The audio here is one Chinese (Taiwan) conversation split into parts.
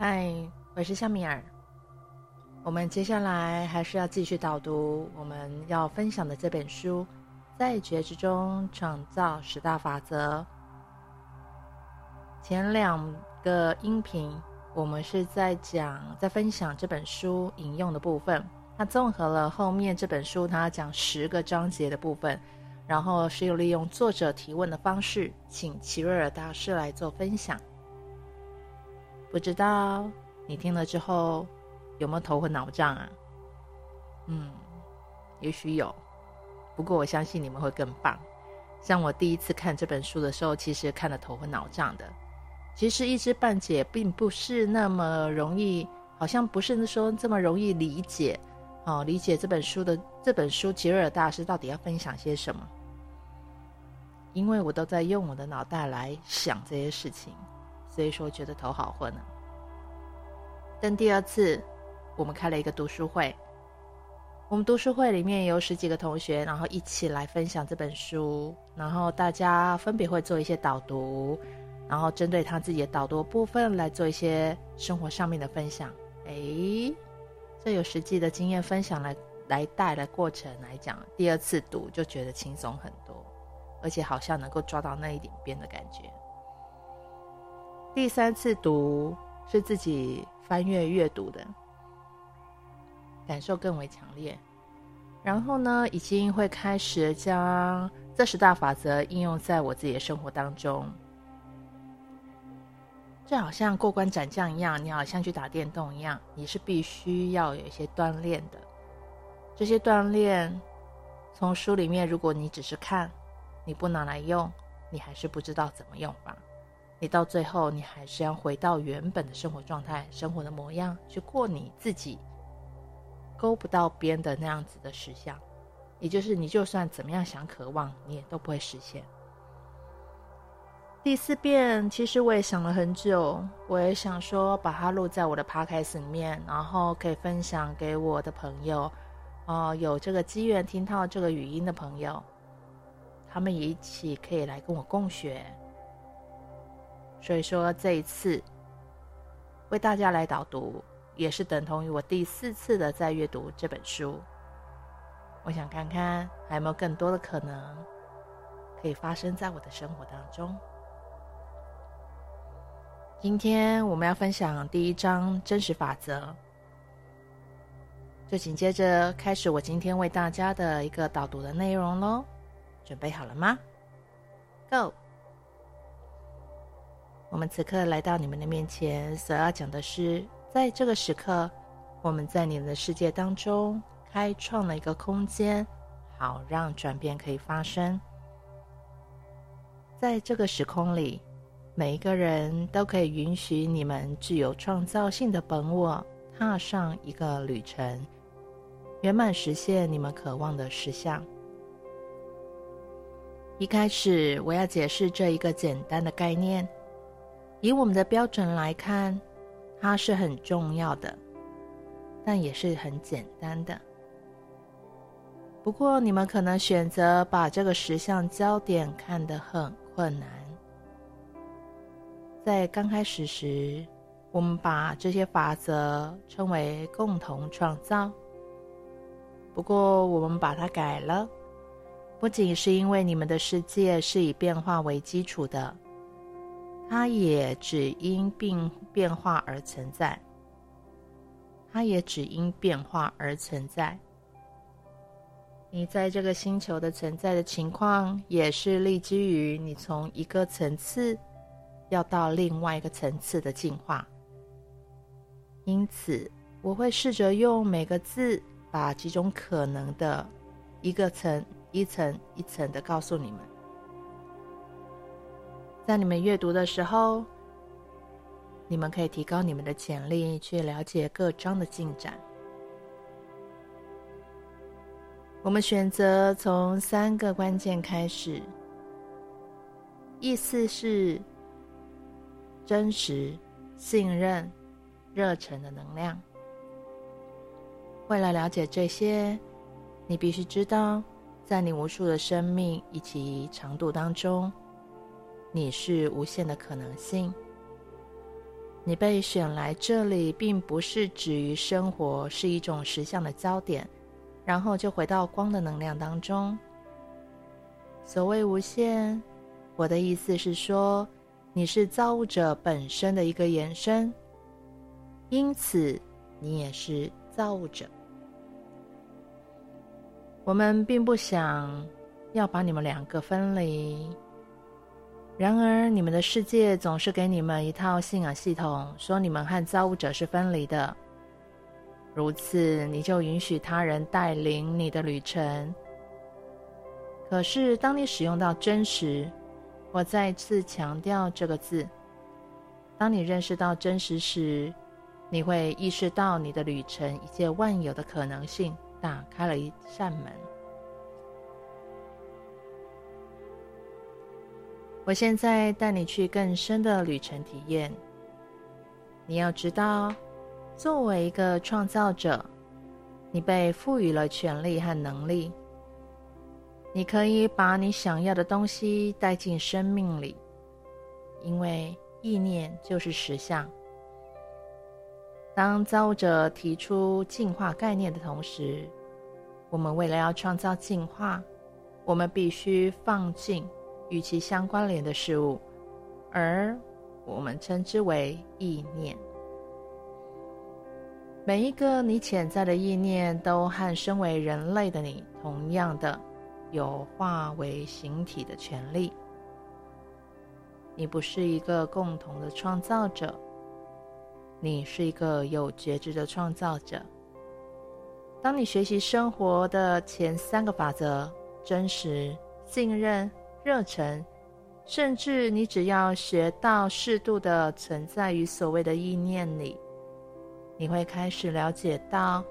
嗨，Hi, 我是夏米爾。我們接下來還是要繼續導讀我們要分享的這本書《在覺知中創造十大法則》。前兩個音頻我們是在講，在分享這本書引用的部分，它綜合了後面這本書它要講十個章節的部分，然後是又利用作者提問的方式，請齊瑞爾大師來做分享。不知道你聽了之後有沒有頭昏腦脹啊？嗯，也許有。不過我相信你們會更棒。像我第一次看這本書的時候，其實看得頭昏腦脹的，其實一知半解，並不是那麼容易，好像不是說這麼容易理解。哦，理解這本書的這本書，吉爾大師到底要分享些什麼？因為我都在用我的腦袋來想這些事情。所以說，覺得頭好昏了。但第二次，我們開了一個讀書會，我們讀書會裡面有十幾個同學，然後一起來分享這本書，然後大家分別會做一些導讀，然後針對他自己的導讀的部分來做一些生活上面的分享。哎，最有實際的經驗分享來來帶的過程來講，第二次讀就覺得輕鬆很多，而且好像能夠抓到那一點邊的感覺。第三次讀是自己翻閱閱讀的，感受更為強烈。然後呢，已經會開始將這十大法則應用在我自己的生活當中。就好像過關斬將一樣，你好像去打電動一樣，你是必須要有一些鍛鍊的。這些鍛鍊，從書裡面如果你只是看，你不拿來用，你還是不知道怎麼用吧。你到最後，你還是要回到原本的生活狀態、生活的模樣，去過你自己勾不到邊的那樣子的實相，也就是你就算怎麼樣想渴望，你也都不會實現。第四遍，其實我也想了很久，我也想說把它錄在我的 podcast 裡面，然後可以分享給我的朋友，哦、呃，有這個機緣聽到這個語音的朋友，他們一起可以來跟我共學。所以說，這一次為大家來導讀，也是等同於我第四次的在閱讀這本書。我想看看還有沒有更多的可能，可以發生在我的生活當中。今天我們要分享第一章《真實法則》，就緊接着開始我今天為大家的一個導讀的內容嘍。準備好了嗎？Go。我們此刻來到你們的面前，所要講的是，在這個時刻，我們在你們的世界當中開創了一個空間，好讓轉變可以發生。在這個時空裡，每一個人都可以允許你們具有創造性的本我踏上一個旅程，圓滿實現你們渴望的實相。一開始，我要解釋這一個簡單的概念。以我們的標準來看，它是很重要的，但也是很簡單的。不過，你們可能選擇把這個實相焦點看得很困難。在剛開始時，我們把這些法則稱為“共同創造”。不過，我們把它改了，不僅是因為你們的世界是以變化為基礎的。它也只因並變化而存在，它也只因變化而存在。你在這個星球的存在的情況，也是立基於你從一個層次要到另外一個層次的進化。因此，我會試着用每個字，把幾種可能的一個層一層一層的告訴你們。在你們閱讀的時候，你們可以提高你們的潛力，去了解各章的進展。我們選擇從三個關鍵開始，意思是真實、信任、熱忱的能量。為了了解這些，你必須知道，在你無數的生命以及長度當中。你是無限的可能性，你被選來這裡，並不是止於生活，是一種實相的焦點，然後就回到光的能量當中。所謂無限，我的意思是說，你是造物者本身的一個延伸，因此你也是造物者。我們並不想要把你們兩個分離。然而，你們的世界總是給你們一套信仰系統，說你們和造物者是分離的。如此，你就允許他人帶領你的旅程。可是，當你使用到真實，我再次強調這個字，當你認識到真實時，你會意識到你的旅程一切萬有的可能性，打開了一扇門。我現在帶你去更深的旅程體驗。你要知道，作為一個創造者，你被賦予了權力和能力，你可以把你想要的東西帶進生命裡，因為意念就是實相。當造物者提出進化概念的同時，我們為了要創造進化，我們必須放進與其相關聯的事物，而我們稱之為意念。每一個你潛在的意念，都和身為人類的你同樣的有化為形體的權利。你不是一個共同的創造者，你是一個有覺知的創造者。當你學習生活的前三個法則：真實、信任。熱忱，甚至你只要學到適度的存在於所謂的意念裡，你會開始了解到，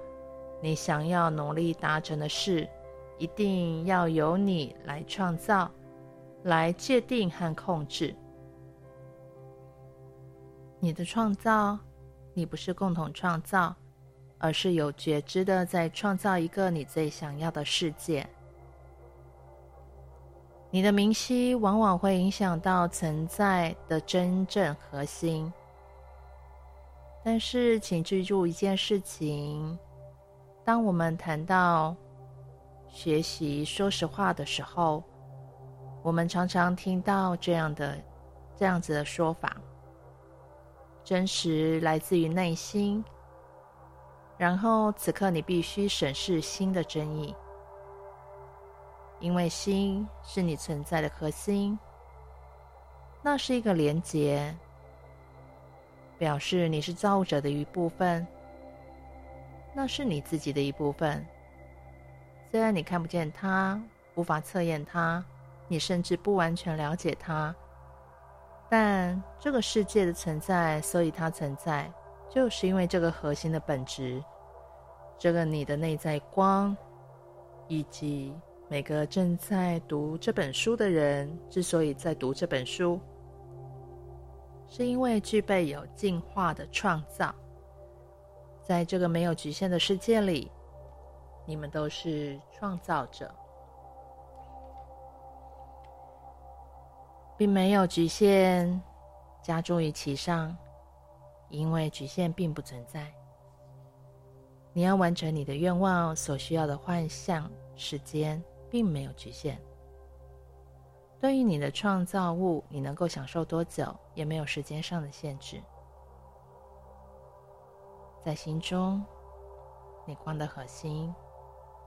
你想要努力達成的事，一定要由你來創造、來界定和控制。你的創造，你不是共同創造，而是有覺知的在創造一個你最想要的世界。你的明晰往往會影響到存在的真正核心，但是請記住一件事情：當我們談到學習說實話的時候，我們常常聽到這樣的這樣子的說法——真實來自於內心。然後，此刻你必須審視新的爭議。因為心是你存在的核心，那是一個連結，表示你是造物者的一部分，那是你自己的一部分。雖然你看不見它，無法測驗它，你甚至不完全了解它，但這個世界的存在，所以它存在，就是因為這個核心的本質，這個你的內在光，以及。每個正在讀這本書的人，之所以在讀這本書，是因為具備有進化的創造。在這個沒有局限的世界裡，你們都是創造者，並沒有局限加諸於其上，因為局限並不存在。你要完成你的願望所需要的幻象時間。並沒有局限。對於你的創造物，你能夠享受多久也沒有時間上的限制。在心中，你光的核心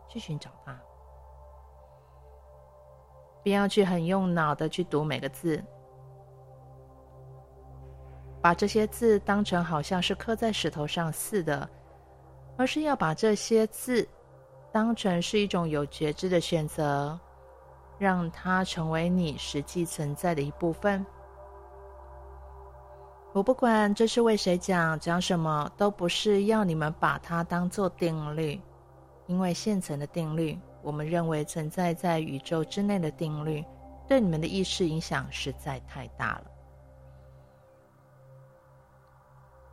去尋找它，不要去很用腦的去讀每個字，把這些字當成好像是刻在石頭上似的，而是要把這些字。當成是一種有覺知的選擇，讓它成為你實際存在的一部分。我不管這是為誰講，講什麼，都不是要你們把它當做定律，因為現成的定律，我們認為存在在宇宙之內的定律，對你們的意識影響實在太大了，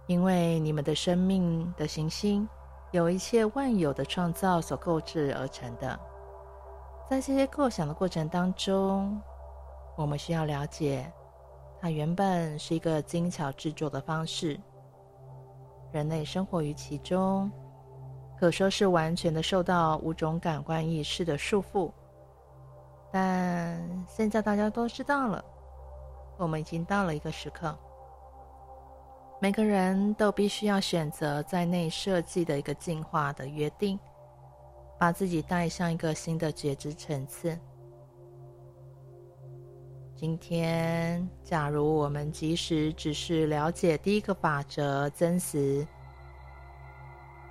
因為你們的生命的行星。由一切萬有的創造所構製而成的，在這些構想的過程當中，我們需要了解，它原本是一個精巧製作的方式。人類生活於其中，可說是完全的受到五種感官意識的束縛。但現在大家都知道了，我們已經到了一個時刻。每個人都必須要選擇在內設計的一個進化的約定，把自己帶上一個新的覺知層次。今天，假如我們即使只是了解第一個法則真實，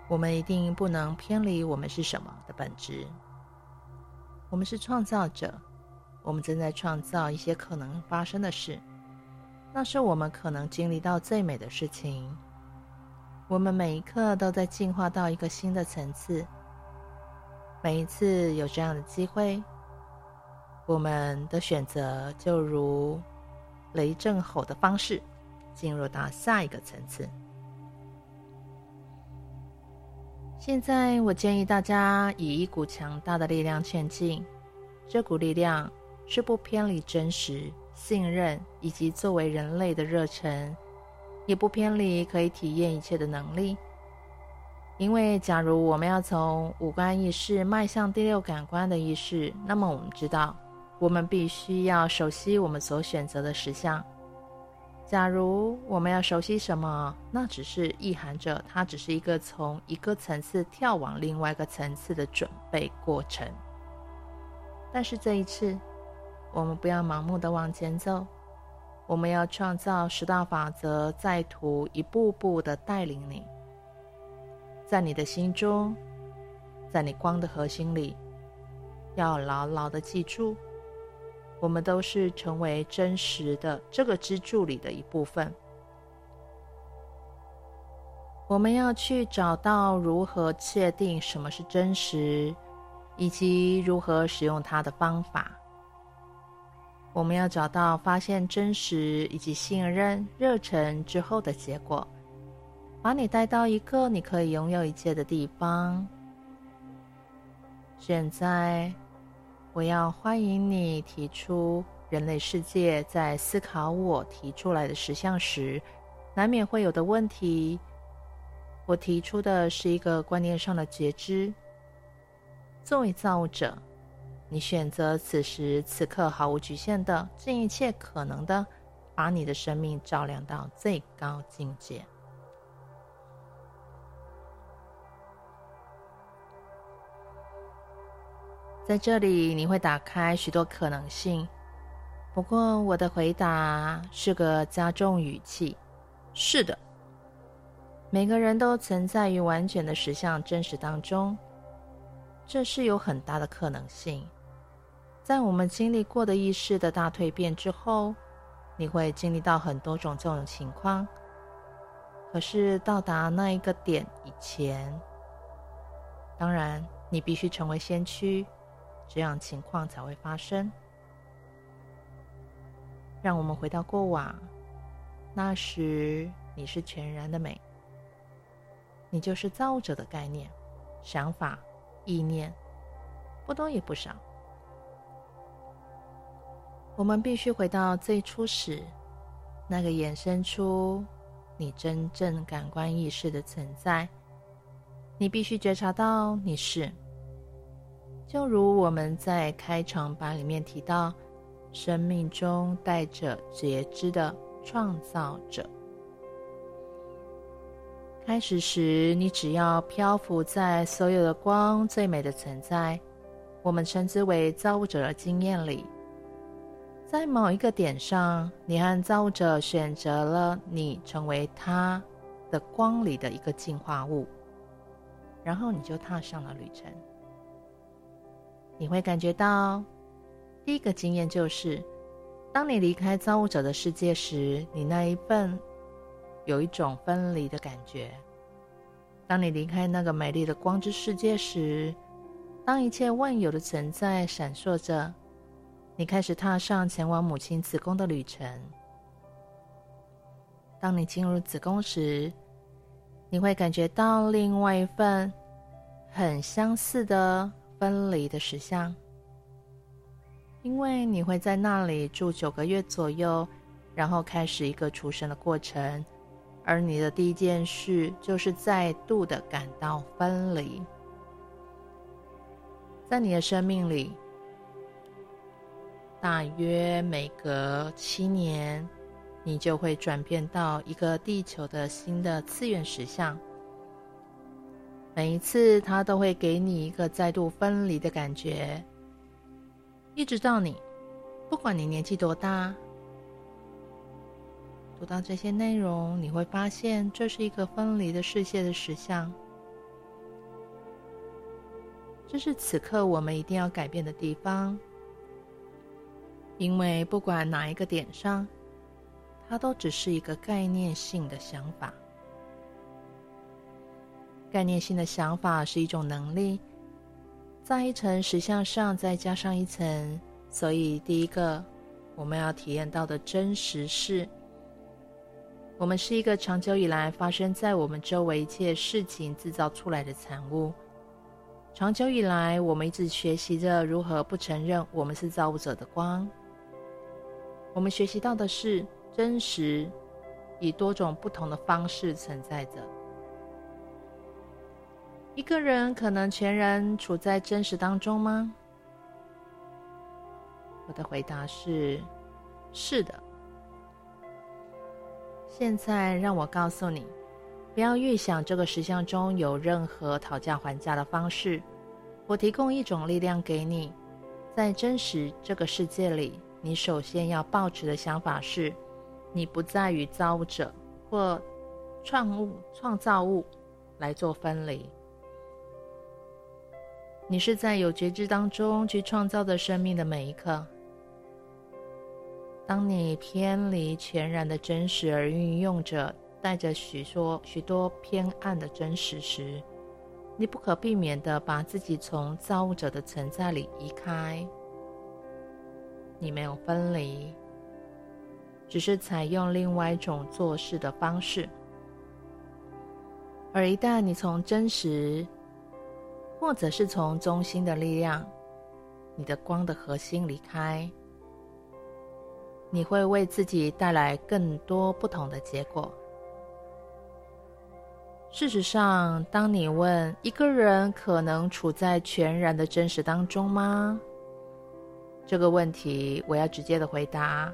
我們一定不能偏離我們是什麼的本質。我們是創造者，我們正在創造一些可能發生的事。那是我們可能經歷到最美的事情。我們每一刻都在進化到一個新的層次。每一次有這樣的機會，我們的選擇就如雷震吼的方式，進入到下一個層次。現在，我建議大家以一股強大的力量前進，這股力量是不偏離真實，信任、以及作為人類的熱忱，也不偏離可以體驗一切的能力。因為，假如我們要從五官意識邁向第六感官的意識，那麼我們知道，我們必須要熟悉我們所選擇的實相。假如我們要熟悉什麼，那只是意涵着它，只是一個從一個層次跳往另外一個層次的準備過程。但是這一次，我們不要盲目的往前走，我們要創造十大法則，在途一步步的帶領你，在你的心中，在你光的核心裡，要牢牢的記住，我們都是成為真實的這個支柱裡的一部分。我們要去找到如何確定什麼是真實，以及如何使用它的方法。我們要找到發現真實以及信任熱忱之後的結果，把你帶到一個你可以擁有一切的地方。現在，我要歡迎你提出人類世界在思考我提出來的實相時，難免會有的問題。我提出的是一個觀念上的覺知。作為造物者。你選擇此時此刻毫無侷限的，盡一切可能的，把你的生命照亮到最高境界。在這裡，你會打開許多可能性。不過，我的回答是個加重語氣：是的，每個人都存在於完全的實相真實當中，這是有很大的可能性。在我們經歷過的意識的大蛻變之後，你會經歷到很多種這種情況。可是到達那一個點以前，當然你必須成為先驅，這樣情況才會發生。讓我們回到過往，那時你是全然的美，你就是造物者的概念、想法、意念，不多也不少。我們必須回到最初時，那個衍生出你真正感官意識的存在。你必須覺察到你是，就如我們在開場白裡面提到，生命中帶着覺知的創造者。開始時，你只要漂浮在所有的光最美的存在，我們稱之為造物者的經驗裡。在某一個點上，你和造物者選擇了你成為他的光裡的一個進化物，然後你就踏上了旅程。你會感覺到，第一個經驗就是，當你離開造物者的世界時，你那一份有一種分離的感覺。當你離開那個美麗的光之世界時，當一切萬有的存在閃爍着。你開始踏上前往母親子宮的旅程。當你進入子宮時，你會感覺到另外一份很相似的分離的實相，因為你會在那裡住九個月左右，然後開始一個出生的過程，而你的第一件事就是再度的感到分離，在你的生命裡。大約每隔七年，你就會轉變到一個地球的新的次元實相。每一次，它都會給你一個再度分離的感覺。一直到你，不管你年紀多大，讀到這些內容，你會發現這是一個分離的世界的實相。這是此刻我們一定要改變的地方。因為不管哪一個點上，它都只是一個概念性的想法。概念性的想法是一種能力，在一層實相上再加上一層，所以第一個我們要體驗到的真實是：我們是一個長久以來發生在我們周圍一切事情制造出來的產物。長久以來，我們一直學習着如何不承認我們是造物者的光。我們學習到的是真實以多種不同的方式存在着。一個人可能全然處在真實當中嗎？我的回答是：是的。現在讓我告訴你，不要預想這個實相中有任何討價還價的方式。我提供一種力量給你，在真實這個世界裡。你首先要抱持的想法是，你不再與造物者或創物創造物來做分離。你是在有覺知當中去創造的生命的每一刻。當你偏離全然的真實而運用着帶着許多許多偏暗的真實時，你不可避免地把自己從造物者的存在裡移開。你沒有分離，只是採用另外一種做事的方式。而一旦你從真實，或者是從中心的力量，你的光的核心離開，你會為自己帶來更多不同的結果。事實上，當你問一個人可能處在全然的真實當中嗎？這個問題我要直接的回答：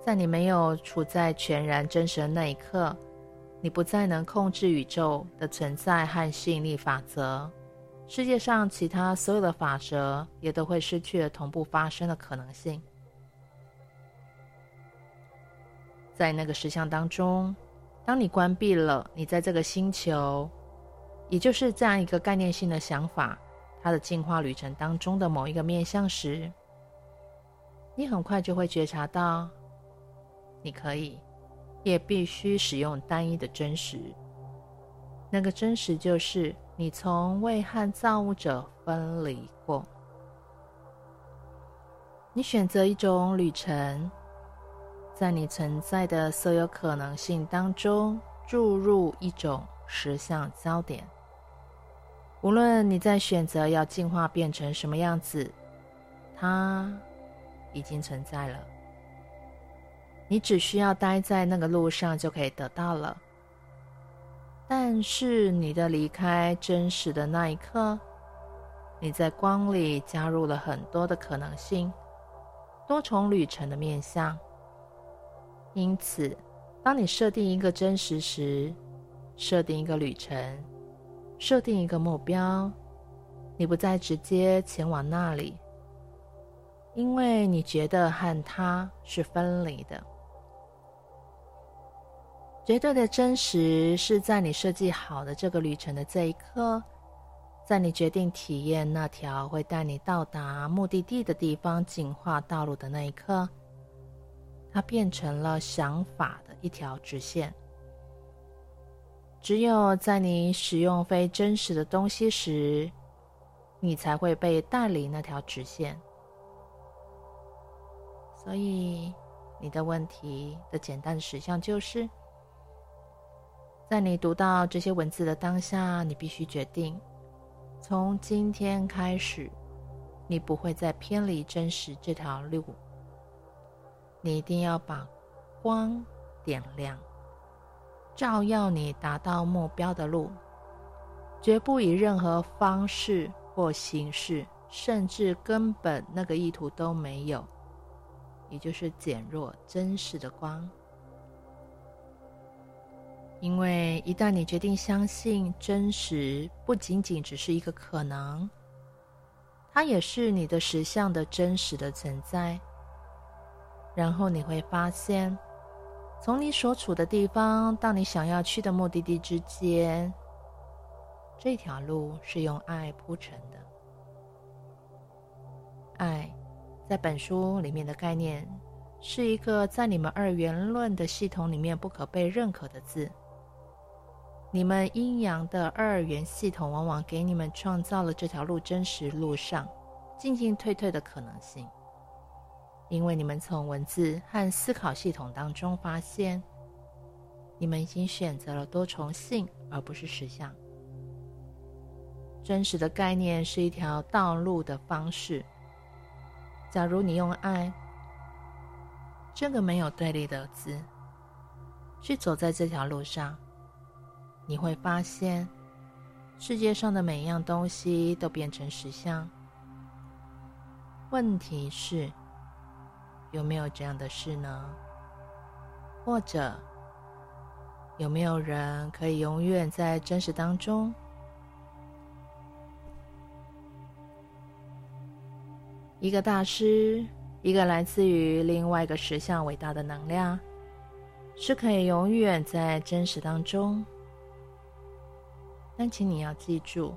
在你沒有處在全然真實的那一刻，你不再能控制宇宙的存在和吸引力法則，世界上其他所有的法則也都會失去了同步發生的可能性。在那個實相當中，當你關閉了你在這個星球，也就是這樣一個概念性的想法，它的進化旅程當中的某一個面向時。你很快就會覺察到，你可以，也必須使用單一的真實。那個真實就是你從未和造物者分離過。你選擇一種旅程，在你存在的所有可能性當中注入一種實相焦點。無論你在選擇要進化變成什麼樣子，它已經存在了，你只需要待在那個路上就可以得到了。但是你的離開真實的那一刻，你在光裡加入了很多的可能性，多重旅程的面向。因此，當你設定一個真實時，設定一個旅程，設定一個目標，你不再直接前往那裡。因為你覺得和他是分離的，絕對的真實是在你設計好的這個旅程的這一刻，在你決定體驗那條會帶你到達目的地的地方進化道路的那一刻，它變成了想法的一條直線。只有在你使用非真實的東西時，你才會被帶離那條直線。所以，你的問題的簡單實相就是：在你讀到這些文字的當下，你必須決定，從今天開始，你不會再偏離真實這條路。你一定要把光點亮，照耀你達到目標的路，絕不以任何方式或形式，甚至根本那個意圖都沒有。也就是減弱真實的光，因為一旦你決定相信真實，不僅僅只是一個可能，它也是你的實相的真實的存在。然後你會發現，從你所處的地方到你想要去的目的地之間，這條路是用愛鋪成的，愛。在本書裡面的概念，是一個在你們二元論的系統裡面不可被認可的字。你們陰陽的二元系統，往往給你們創造了這條路真實路上進進退退的可能性，因為你們從文字和思考系統當中發現，你們已經選擇了多重性而不是實相。真實的概念是一條道路的方式。假如你用“愛”這個沒有對立的字去走在這條路上，你會發現世界上的每一樣東西都變成實相。問題是，有沒有這樣的事呢？或者有沒有人可以永遠在真實當中？一個大師，一個來自於另外一個實相偉大的能量，是可以永遠在真實當中。但請你要記住，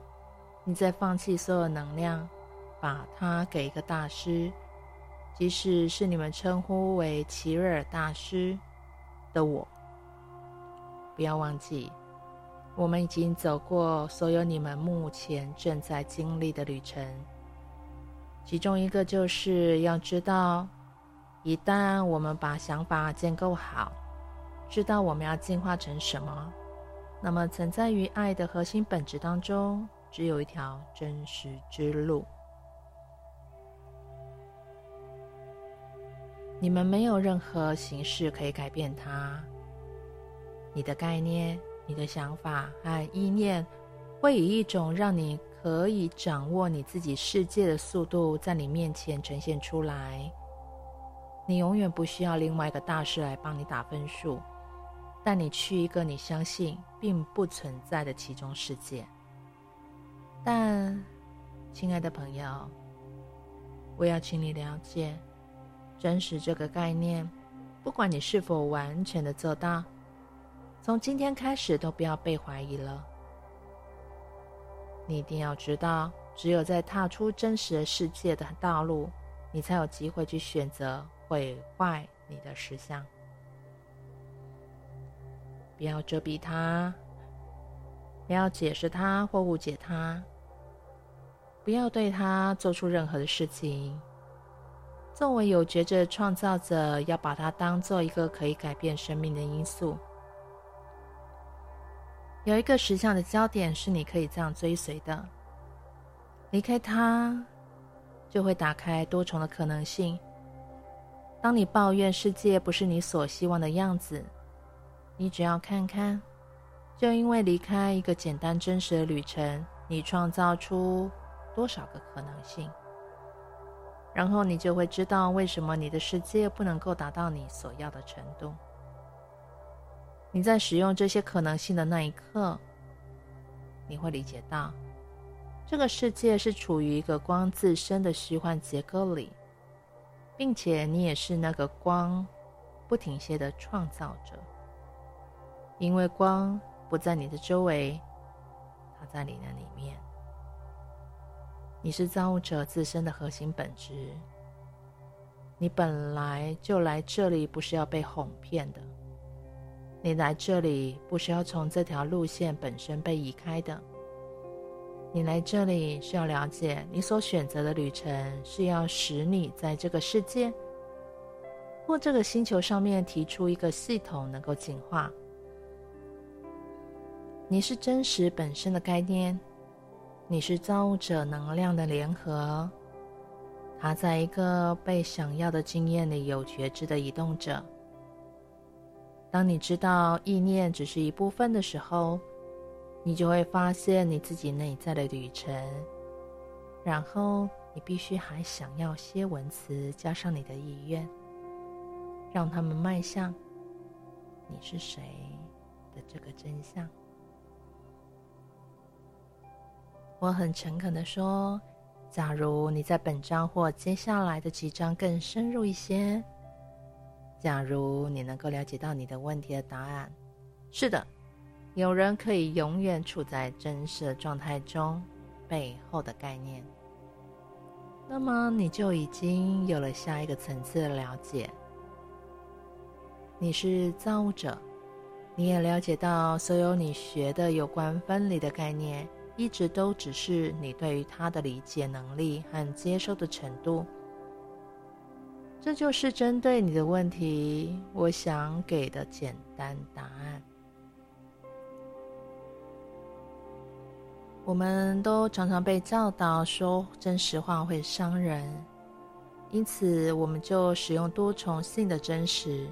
你在放棄所有能量，把它給一個大師，即使是你們稱呼為奇瑞爾大師的我。不要忘記，我們已經走過所有你們目前正在經歷的旅程。其中一個就是要知道，一旦我們把想法建構好，知道我們要進化成什麼，那麼存在於愛的核心本質當中，只有一條真實之路。你們沒有任何形式可以改變它。你的概念、你的想法、和意念，會以一種讓你可以掌握你自己世界的速度，在你面前呈現出來。你永遠不需要另外一個大師來幫你打分數，帶你去一個你相信並不存在的其中世界。但，親愛的朋友，我要請你了解，真實這個概念，不管你是否完全的做到，從今天開始都不要被懷疑了。你一定要知道，只有在踏出真實的世界的道路，你才有機會去選擇毀壞你的實相。不要遮蔽它，不要解釋它或誤解它，不要對它做出任何的事情。作為有覺知創造者，要把它當做一個可以改變生命的因素。有一個實相的焦點，是你可以這樣追隨的，離開它就會打開多重的可能性。當你抱怨世界不是你所希望的樣子，你只要看看，就因為離開一個簡單真實的旅程，你創造出多少個可能性，然後你就會知道為什麼你的世界不能夠達到你所要的程度。你在使用這些可能性的那一刻，你會理解到，這個世界是處於一個光自身的虛幻結構裡，並且你也是那個光，不停歇的創造者。因為光不在你的周圍，它在你那裡面。你是造物者自身的核心本質。你本來就來這裡，不是要被哄騙的。你來這裡不是要從這條路線本身被移開的。你來這裡是要了解，你所選擇的旅程是要使你在這個世界或這個星球上面提出一個系統能夠進化。你是真實本身的概念，你是造物者能量的聯合，它在一個被想要的經驗裡有覺知的移動者。當你知道意念只是一部分的時候，你就會發現你自己內在的旅程。然後你必須還想要些文詞，加上你的意願，讓他們邁向你是誰的這個真相。我很誠懇地說，假如你在本章或接下來的幾章更深入一些。假如你能夠了解到你的問題的答案，是的，有人可以永遠處在真實的狀態中背後的概念，那麼你就已經有了下一個層次的了解。你是造物者，你也了解到所有你學的有關分離的概念，一直都只是你對於它的理解能力和接受的程度。這就是針對你的問題，我想給的簡單答案。我們都常常被教導說，真實話會傷人，因此我們就使用多重性的真實。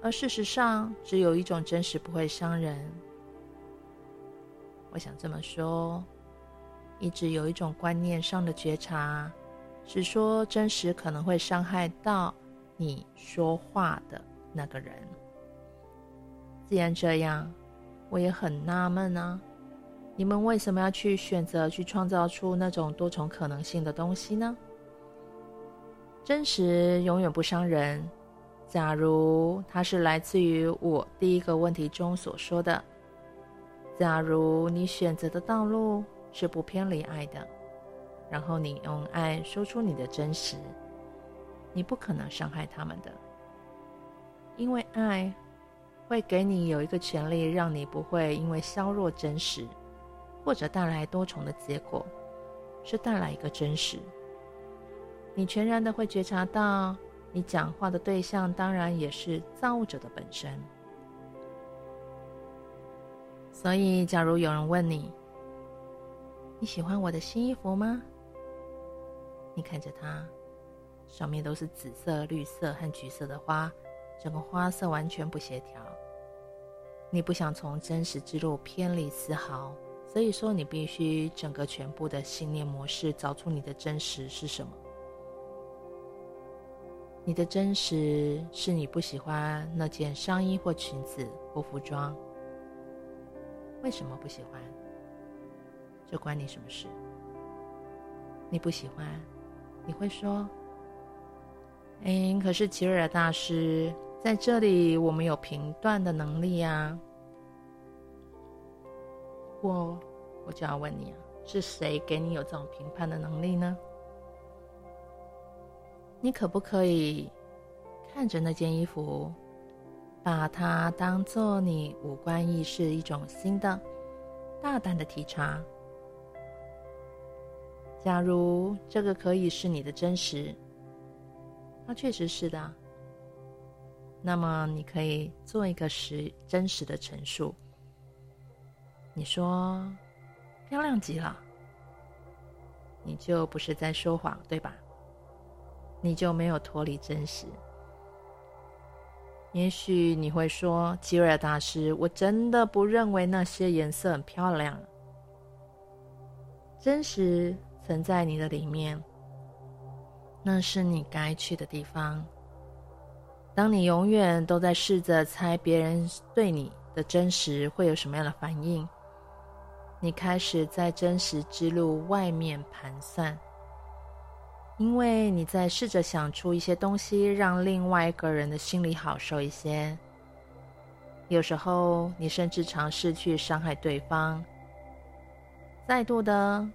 而事實上，只有一種真實不會傷人。我想這麼說，一直有一種觀念上的覺察。只說真實可能會傷害到你說話的那個人。既然這樣，我也很納悶啊，你們為什麼要去選擇去創造出那種多重可能性的東西呢？真實永遠不傷人。假如它是來自於我第一個問題中所說的，假如你選擇的道路是不偏離愛的。然後你用愛說出你的真實，你不可能傷害他們的，因為愛會給你有一個權利，讓你不會因為削弱真實，或者帶來多重的結果，是帶來一個真實。你全然的會覺察到，你講話的對象當然也是造物者的本身。所以，假如有人問你：“你喜歡我的新衣服嗎？”你看着它，上面都是紫色、綠色和橘色的花，整個花色完全不協調。你不想從真實之路偏離絲毫，所以說你必須整個全部的信念模式，找出你的真實是什麼。你的真實是你不喜歡那件上衣或裙子或服裝。為什麼不喜歡？這關你什麼事？你不喜歡。你會說：“誒可是奇瑞爾大師在這裡，我們有評斷的能力啊。”不過，我就要問你啊，是誰給你有這種評判的能力呢？你可不可以看着那件衣服，把它當做你五官意識一種新的、大膽的體察？假如這個可以是你的真實，那確實是的。那麼你可以做一個實真實的陳述，你說“漂亮極了”，你就不是在說謊，對吧？你就沒有脫離真實。也許你會說：“吉爾大師，我真的不認為那些顏色很漂亮。”真實。存在你的裡面，那是你該去的地方。當你永遠都在試着猜別人對你的真實會有什麼樣的反應，你開始在真實之路外面盤算，因為你在試着想出一些東西讓另外一個人的心裡好受一些。有時候，你甚至嘗試去傷害對方，再度的。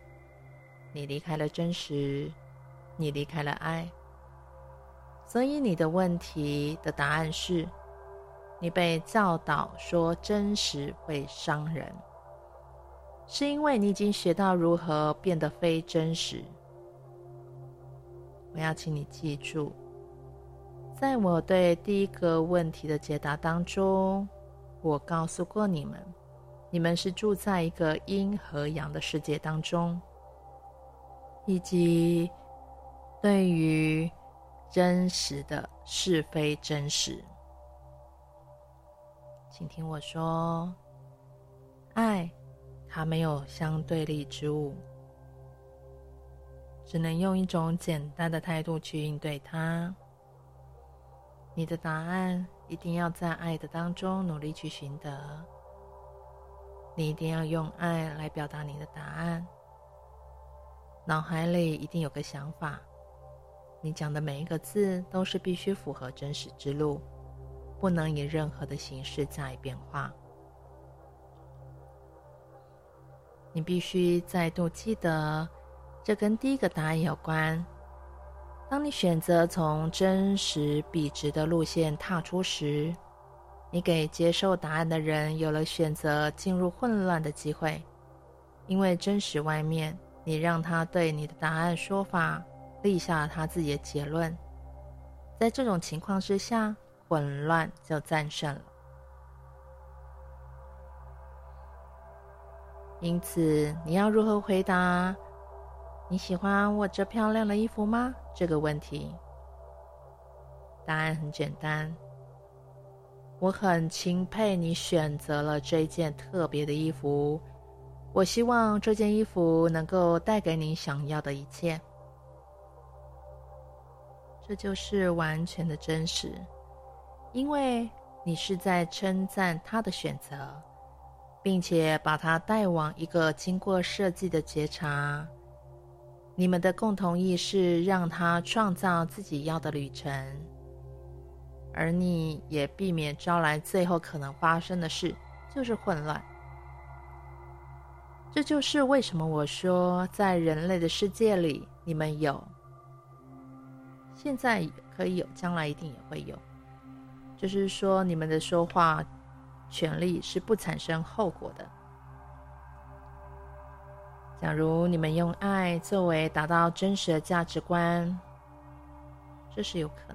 你離開了真實，你離開了愛，所以你的問題的答案是：你被教導說真實會傷人，是因為你已經學到如何變得非真實。我要請你記住，在我對第一個問題的解答當中，我告訴過你們，你們是住在一個陰和陽的世界當中。以及對於真實的是非真實，請聽我說：愛它沒有相對立之物，只能用一種簡單的態度去應對它。你的答案一定要在愛的當中努力去尋得，你一定要用愛來表達你的答案。腦海裡一定有個想法，你講的每一個字都是必須符合真實之路，不能以任何的形式加以變化。你必須再度記得，這跟第一個答案有關。當你選擇從真實筆直的路線踏出時，你給接受答案的人有了選擇進入混亂的機會，因為真實外面。你讓他對你的答案說法立下了他自己的結論，在這種情況之下，混亂就戰勝了。因此，你要如何回答“你喜歡我這漂亮的衣服嗎？”這個問題？答案很簡單：我很欽佩你選擇了這件特別的衣服。我希望這件衣服能夠帶給你想要的一切。這就是完全的真實，因為你是在稱讚他的選擇，並且把他帶往一個經過設計的覺察。你們的共同意識讓他創造自己要的旅程，而你也避免招來最後可能發生的事，就是混亂。這就是為什麼我說，在人類的世界裡，你們有，現在可以有，將來一定也會有。就是說，你們的說話權利是不產生後果的。假如你們用愛作為達到真實的價值觀，這是有可能。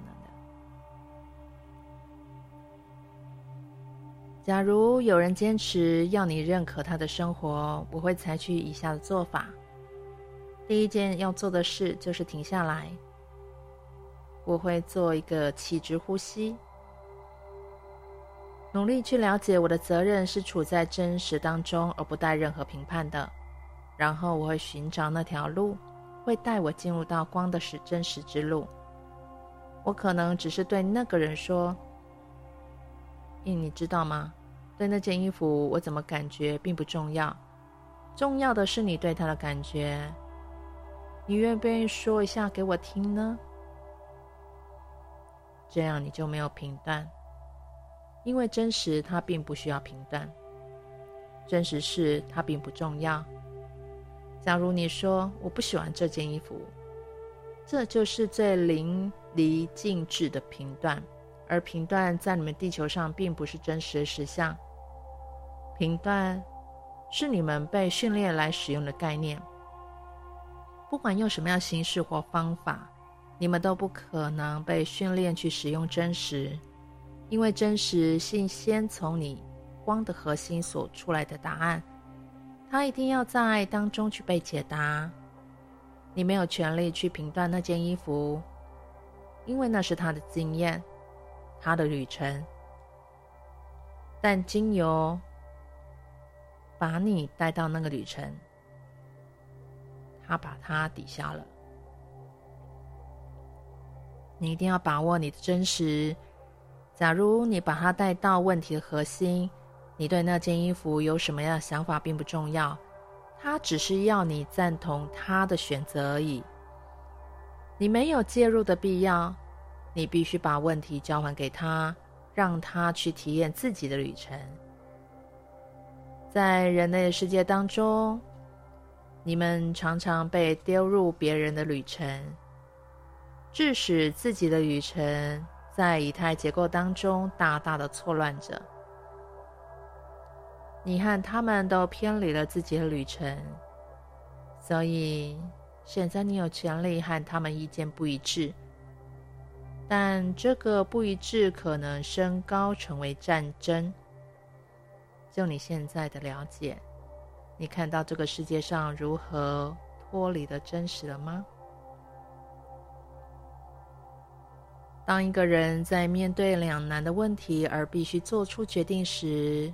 假如有人堅持要你認可他的生活，我會採取以下的做法。第一件要做的事就是停下來，我會做一個氣直呼吸，努力去了解我的責任是處在真實當中而不帶任何評判的。然後我會尋找那條路，會帶我進入到光的實真實之路。我可能只是對那個人說：“咦，你知道嗎？”對那件衣服，我怎麼感覺並不重要。重要的是你對它的感覺。你願不願意說一下給我聽呢？這樣你就沒有評斷，因為真實它並不需要評斷。真實是它並不重要。假如你說我不喜歡這件衣服，這就是最淋漓盡致的評斷。而評斷在你們地球上並不是真實的實相。評斷是你們被訓練來使用的概念，不管用什麼樣的形式或方法，你們都不可能被訓練去使用真實，因為真實性先從你光的核心所出來的答案，它一定要在當中去被解答。你沒有權利去評斷那件衣服，因為那是他的經驗、他的旅程，但經由。把你帶到那個旅程，他把它抵消了。你一定要把握你的真實。假如你把他帶到問題的核心，你對那件衣服有什麼樣的想法並不重要，他只是要你贊同他的選擇而已。你沒有介入的必要，你必須把問題交還給他，讓他去體驗自己的旅程。在人類的世界當中，你們常常被丟入別人的旅程，致使自己的旅程在以太結構當中大大的錯亂着。你和他們都偏離了自己的旅程，所以現在你有權利和他們意見不一致，但這個不一致可能升高成為戰爭。就你現在的了解，你看到這個世界上如何脫離的真實了嗎？當一個人在面對兩難的問題而必須做出決定時，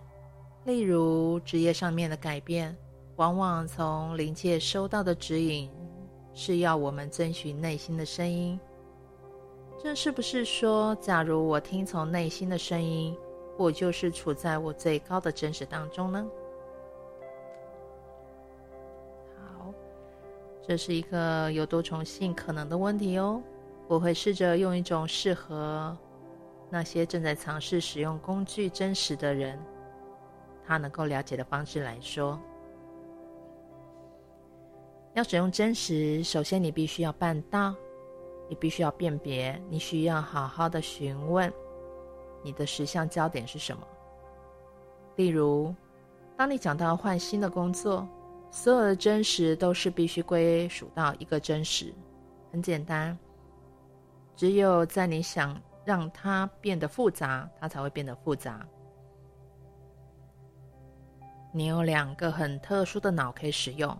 例如職業上面的改變，往往從靈界收到的指引是要我們遵循內心的聲音。這是不是說，假如我聽從內心的聲音？我就是處在我最高的真實當中呢？好，這是一個有多重性可能的問題哦。我會試着用一種適合那些正在嘗試使用工具真實的人，他能夠了解的方式來說。要使用真實，首先你必須要辦到，你必須要辨別，你需要好好的詢問。你的實相焦點是什麼？例如，當你講到換新的工作，所有的真實都是必須歸屬到一個真實。很簡單，只有在你想讓它變得複雜，它才會變得複雜。你有兩個很特殊的腦可以使用，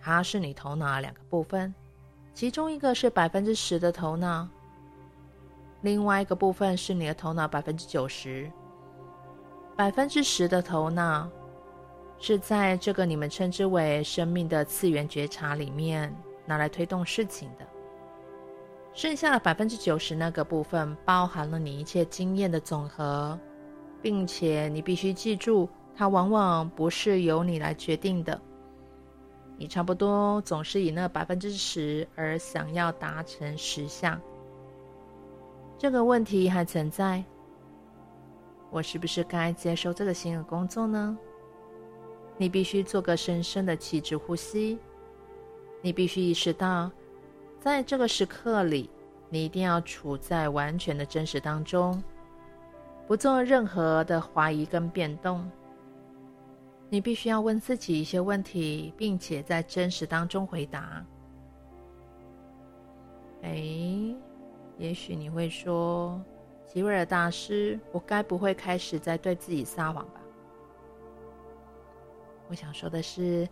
它是你頭腦的兩個部分，其中一個是百分之十的頭腦。另外一個部分是你的頭腦百分之九十，百分之十的頭腦是在這個你們稱之為生命的次元覺察裡面拿來推動事情的。剩下的百分之九十那個部分包含了你一切經驗的總和，並且你必須記住，它往往不是由你來決定的。你差不多總是以那百分之十而想要達成實相。這個問題還存在，我是不是該接受這個新的工作呢？你必須做個深深的氣質呼吸，你必須意識到，在這個時刻裡，你一定要處在完全的真實當中，不做任何的懷疑跟變動。你必須要問自己一些問題，並且在真實當中回答。哎、okay。也許你會說，奇瑞爾大師，我該不會開始在對自己撒謊吧？我想說的是，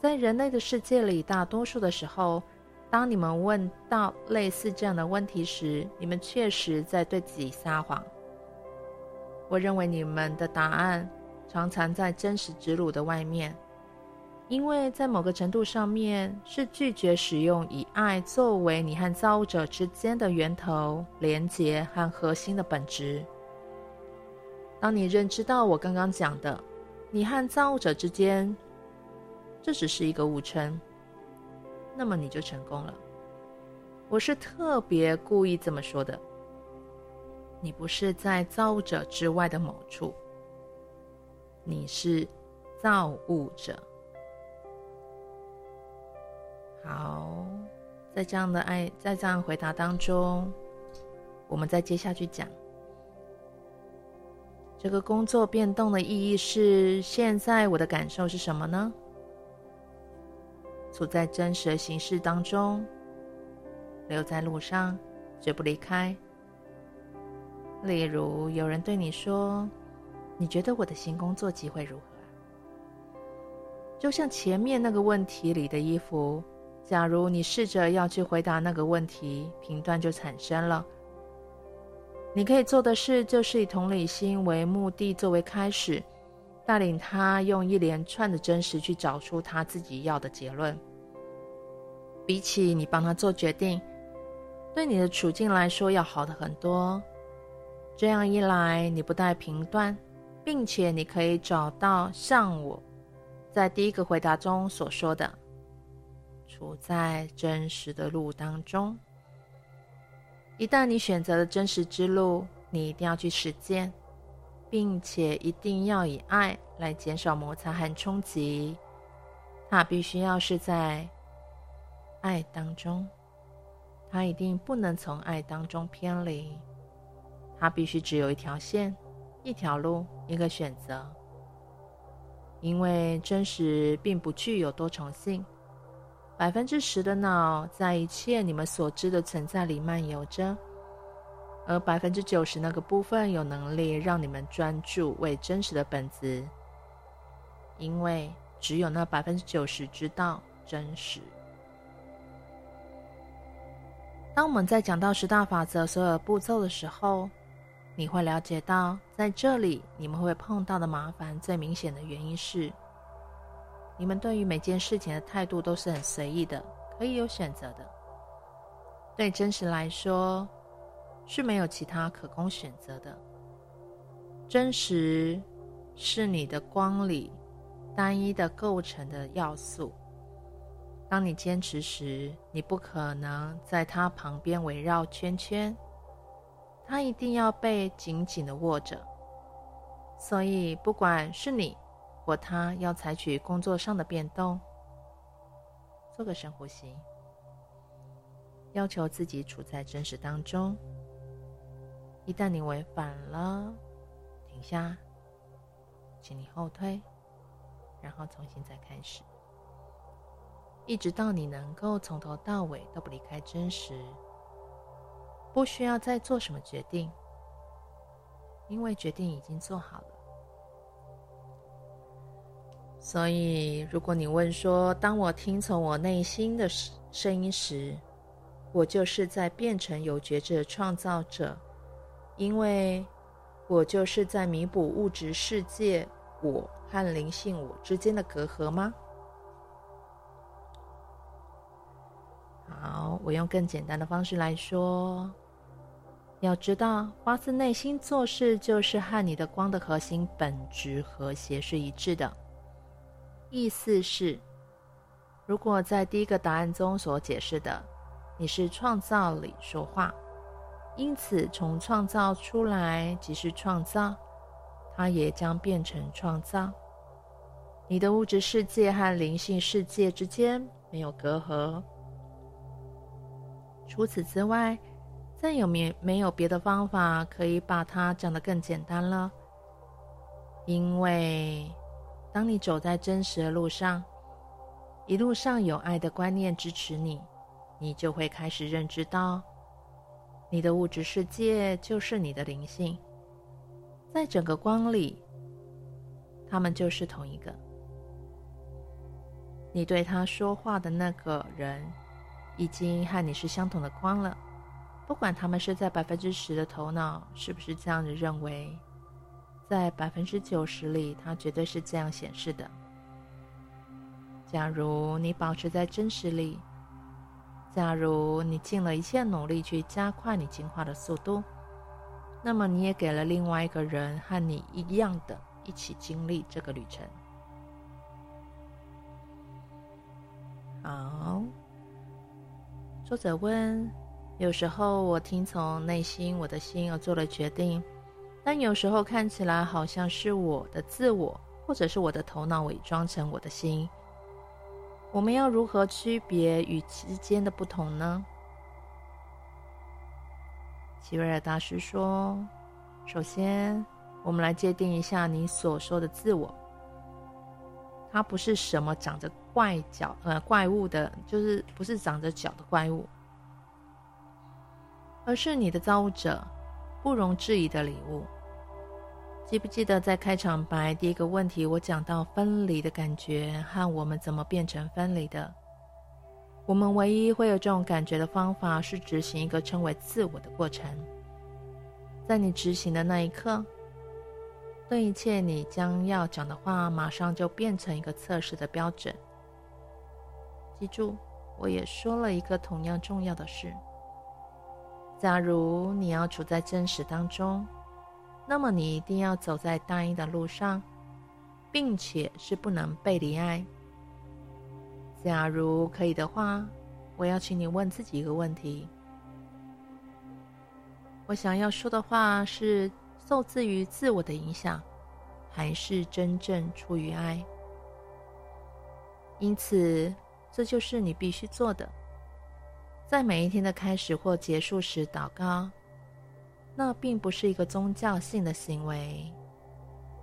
在人類的世界裡，大多數的時候，當你們問到類似這樣的問題時，你們確實在對自己撒謊。我認為你們的答案常常在真實之路的外面。因為在某個程度上面，是拒絕使用以愛作為你和造物者之間的源頭、連結和核心的本質。當你認知到我剛剛講的，你和造物者之間，這只是一個誤稱，那麼你就成功了。我是特別故意這麼說的。你不是在造物者之外的某處，你是造物者。好，在這樣的愛，在這樣的回答當中，我們再接下去講這個工作變動的意義是：現在我的感受是什麼呢？處在真實形式當中，留在路上，絕不離開。例如，有人對你說：“你覺得我的新工作機會如何？”就像前面那個問題裡的衣服。假如你試着要去回答那個問題，評斷就產生了。你可以做的事就是以同理心為目的作為開始，帶領他用一連串的真實去找出他自己要的結論。比起你幫他做決定，對你的處境來說要好得很多。這樣一來，你不帶評斷，並且你可以找到像我在第一個回答中所說的。不在真實的路當中。一旦你選擇了真實之路，你一定要去實踐，並且一定要以愛來減少摩擦和衝擊。它必須要是在愛當中，它一定不能從愛當中偏離。它必須只有一條線、一條路、一個選擇，因為真實並不具有多重性。百分之十的腦在一切你們所知的存在裡漫遊着，而百分之九十那個部分有能力讓你們專注為真實的本質，因為只有那百分之九十知道真實。當我們在講到十大法則所有步驟的時候，你會了解到，在這裡你們會碰到的麻煩最明顯的原因是。你們對於每件事情的態度都是很隨意的，可以有選擇的。對真實來說，是沒有其他可供選擇的。真實是你的光裡單一的構成的要素。當你堅持時，你不可能在它旁邊圍繞圈圈，它一定要被緊緊的握着。所以，不管是你。如果他要採取工作上的變動，做個深呼吸，要求自己處在真實當中。一旦你違反了，停下，請你後退，然後重新再開始，一直到你能夠從頭到尾都不離開真實，不需要再做什麼決定，因為決定已經做好了。所以，如果你問說：“當我聽從我內心的聲音時，我就是在變成有覺知的創造者，因為我就是在彌補物質世界我和靈性我之間的隔閡嗎？”好，我用更簡單的方式來說：要知道，發自內心做事，就是和你的光的核心本質和諧是一致的。意思是，如果在第一個答案中所解釋的，你是創造裡說話，因此從創造出來即是創造，它也將變成創造。你的物質世界和靈性世界之間沒有隔閡。除此之外，再有沒有沒有別的方法可以把它講得更簡單了？因為。當你走在真實的路上，一路上有愛的觀念支持你，你就會開始認知到，你的物質世界就是你的靈性，在整個光裡，他們就是同一個。你對他說話的那個人，已經和你是相同的光了，不管他們是在百分之十的頭腦，是不是這樣子認為。在百分之九十裡，它絕對是這樣顯示的。假如你保持在真實裡，假如你盡了一切努力去加快你進化的速度，那麼你也給了另外一個人和你一樣的一起經歷這個旅程。好，作者問：有時候我聽從內心，我的心而做了決定。但有時候看起來好像是我的自我，或者是我的頭腦偽裝成我的心。我們要如何區別與之間的不同呢？齊瑞爾大師說：“首先，我們來界定一下你所說的自我。它不是什麼長着怪腳呃怪物的就是不是長着腳的怪物，而是你的造物者不容置疑的禮物。”記不記得在開場白第一個問題，我講到分離的感覺和我們怎麼變成分離的？我們唯一會有這種感覺的方法是執行一個稱為自我的過程。在你執行的那一刻，對一切你將要講的話馬上就變成一個測試的標準。記住，我也說了一個同樣重要的事：假如你要處在真實當中。那麼你一定要走在單一的路上，並且是不能背離愛。假如可以的話，我要請你問自己一個問題：我想要說的話是受制於自我的影響，還是真正出於愛？因此，這就是你必須做的：在每一天的開始或結束時禱告。那並不是一個宗教性的行為，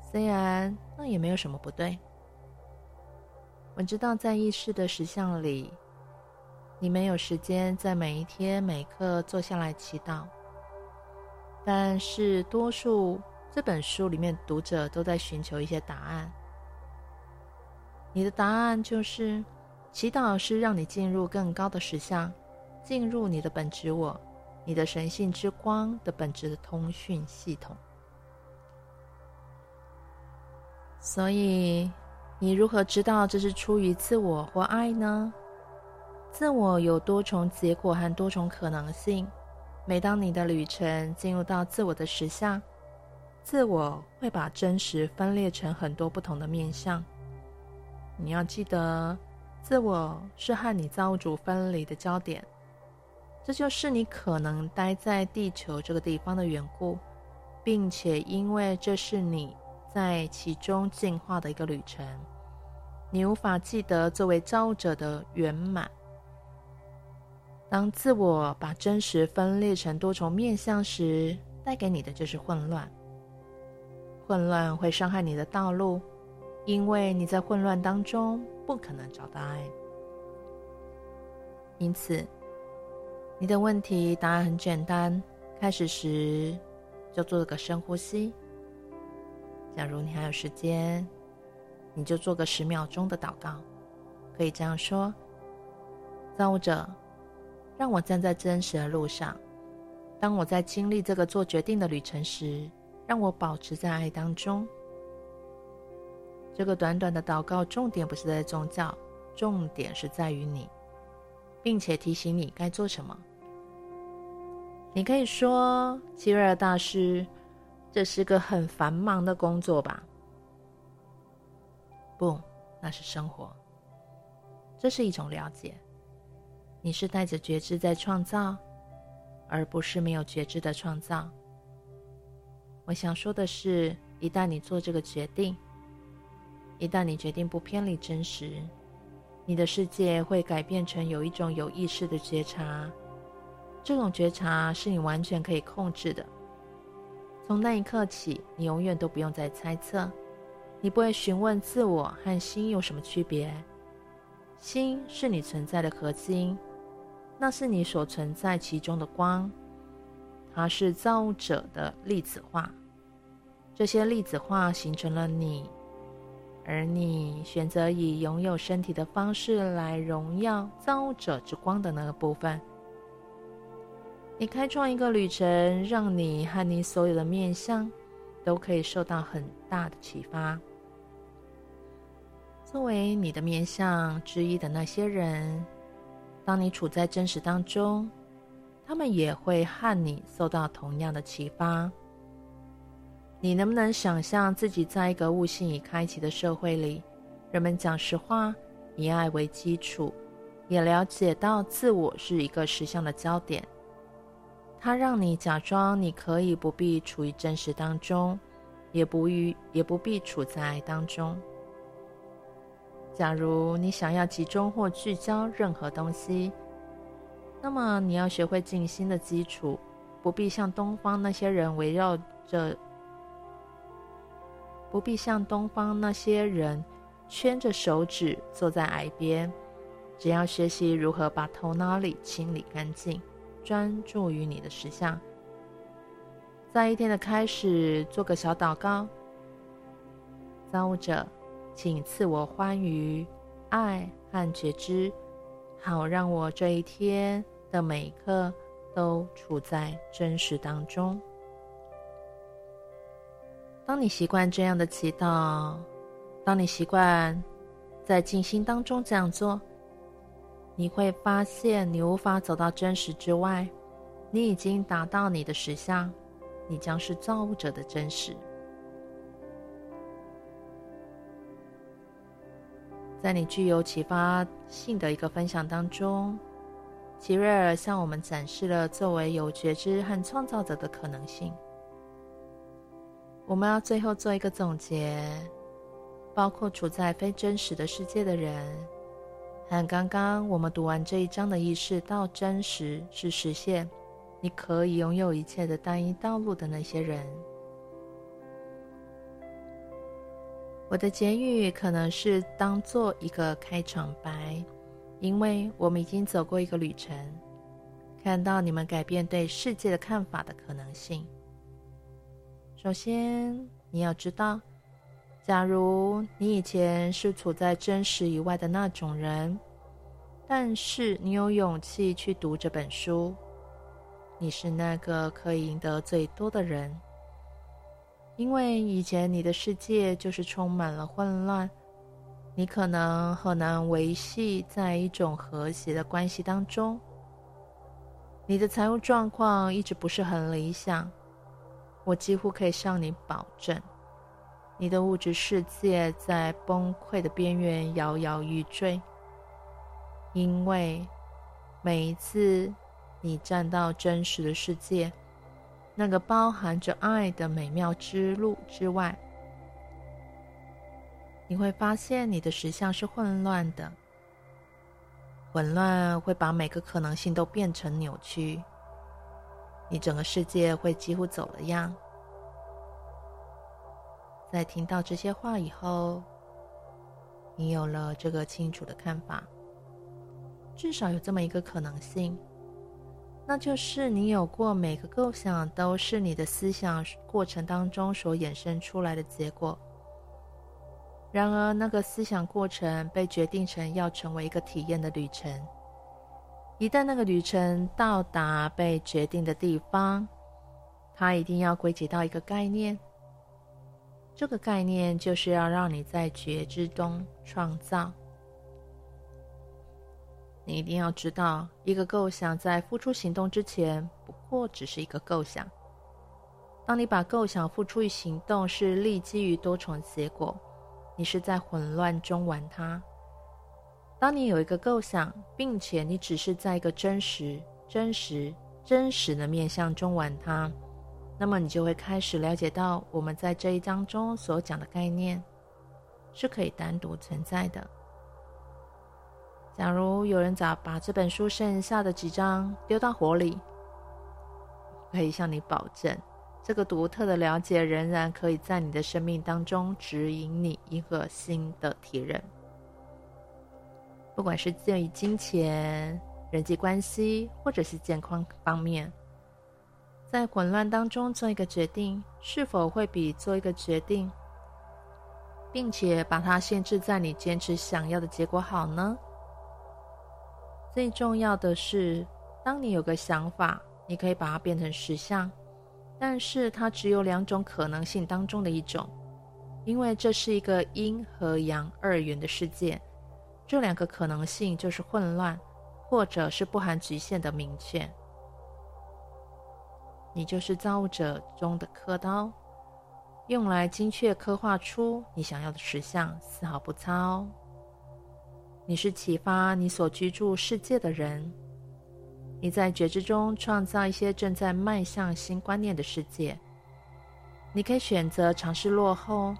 雖然那也沒有什麼不對。我知道在意識的實相裡，你沒有時間在每一天每一刻坐下來祈禱，但是多數這本書裡面讀者都在尋求一些答案。你的答案就是，祈禱是讓你進入更高的實相，進入你的本質我。你的神性之光的本質的通訊系統。所以，你如何知道這是出於自我或愛呢？自我有多重結果和多重可能性。每當你的旅程進入到自我的時下，自我會把真實分裂成很多不同的面向。你要記得，自我是和你造物主分離的焦點。這就是你可能待在地球這個地方的緣故，並且因為這是你在其中進化的一個旅程，你無法記得作為造物者的圓滿。當自我把真實分裂成多重面相時，帶給你的就是混亂。混亂會傷害你的道路，因為你在混亂當中不可能找到愛。因此。你的問題答案很簡單，開始時就做了個深呼吸。假如你還有時間，你就做個十秒鐘的禱告。可以這樣說：“造物者，讓我站在真實的路上。當我在經歷這個做決定的旅程時，讓我保持在愛當中。”這個短短的禱告重點不是在宗教，重點是在於你。並且提醒你該做什麼。你可以說：“齊瑞爾大師，這是個很繁忙的工作吧？”不，那是生活。這是一種了解。你是帶着覺知在創造，而不是沒有覺知的創造。我想說的是，一旦你做這個決定，一旦你決定不偏離真實。你的世界會改變成有一種有意識的覺察，這種覺察是你完全可以控制的。從那一刻起，你永遠都不用再猜測，你不會詢問自我和心有什麼區別。心是你存在的核心，那是你所存在其中的光，它是造物者的粒子化，這些粒子化形成了你。而你選擇以擁有身體的方式來榮耀造物者之光的那個部分，你開創一個旅程，讓你和你所有的面相都可以受到很大的啟發。作為你的面相之一的那些人，當你處在真實當中，他們也會和你受到同樣的啟發。你能不能想象自己在一個悟性已開啟的社會裡，人們講實話，以愛為基礎，也了解到自我是一個實相的焦點？它讓你假裝你可以不必處於真實當中，也不於，也不必處在愛當中。假如你想要集中或聚焦任何東西，那麼你要學會靜心的基礎，不必像東方那些人圍繞着。不必像東方那些人圈着手指坐在矮邊，只要學習如何把頭腦裡清理乾淨，專注於你的實相。在一天的開始做個小禱告：造物者，請賜我歡愉、愛和覺知，好讓我這一天的每一刻都處在真實當中。當你習慣這樣的祈禱，當你習慣在靜心當中這樣做，你會發現你無法走到真實之外。你已經達到你的實相，你將是造物者的真實。在你具有啟發性的一個分享當中，奇瑞爾向我們展示了作為有覺知和創造者的可能性。我們要最後做一個總結，包括處在非真實的世界的人，和剛剛我們讀完這一章的意識到真實是實現，你可以擁有一切的單一道路的那些人。我的結語可能是當做一個開場白，因為我們已經走過一個旅程，看到你們改變對世界的看法的可能性。首先，你要知道，假如你以前是處在真實以外的那種人，但是你有勇氣去讀這本書，你是那個可以贏得最多的人。因為以前你的世界就是充滿了混亂，你可能很難維繫在一種和諧的關係當中。你的財務狀況一直不是很理想。我幾乎可以向你保證，你的物質世界在崩潰的邊緣搖搖欲墜，因為每一次你站到真實的世界，那個包含着愛的美妙之路之外，你會發現你的實相是混亂的。混亂會把每個可能性都變成扭曲。你整個世界會幾乎走了樣。在聽到這些話以後，你有了這個清楚的看法。至少有這麼一個可能性，那就是你有過每個構想，都是你的思想過程當中所衍生出來的結果。然而，那個思想過程被決定成要成為一個體驗的旅程。一旦那個旅程到達被決定的地方，它一定要歸結到一個概念。這個概念就是要讓你在覺知中創造。你一定要知道，一個構想在付出行動之前，不過只是一個構想。當你把構想付出於行動，是立基於多重結果。你是在混亂中玩它。當你有一個構想，並且你只是在一個真實、真實、真實的面向中玩它，那麼你就會開始了解到我們在這一章中所講的概念是可以單獨存在的。假如有人早把這本書剩下的幾章丟到火裡，我可以向你保證，這個獨特的了解仍然可以在你的生命當中指引你一個新的體認。不管是基於金錢、人際關係，或者是健康方面，在混亂當中做一個決定，是否會比做一個決定，並且把它限制在你堅持想要的結果好呢？最重要的是，當你有個想法，你可以把它變成實相，但是它只有兩種可能性當中的一種，因為這是一個陰和陽二元的世界。這兩個可能性就是混亂，或者是不含局限的明確。你就是造物者中的刻刀，用來精確刻畫出你想要的實相，絲毫不差。你是啟發你所居住世界的人，你在覺知中創造一些正在邁向新觀念的世界。你可以選擇嘗試落後，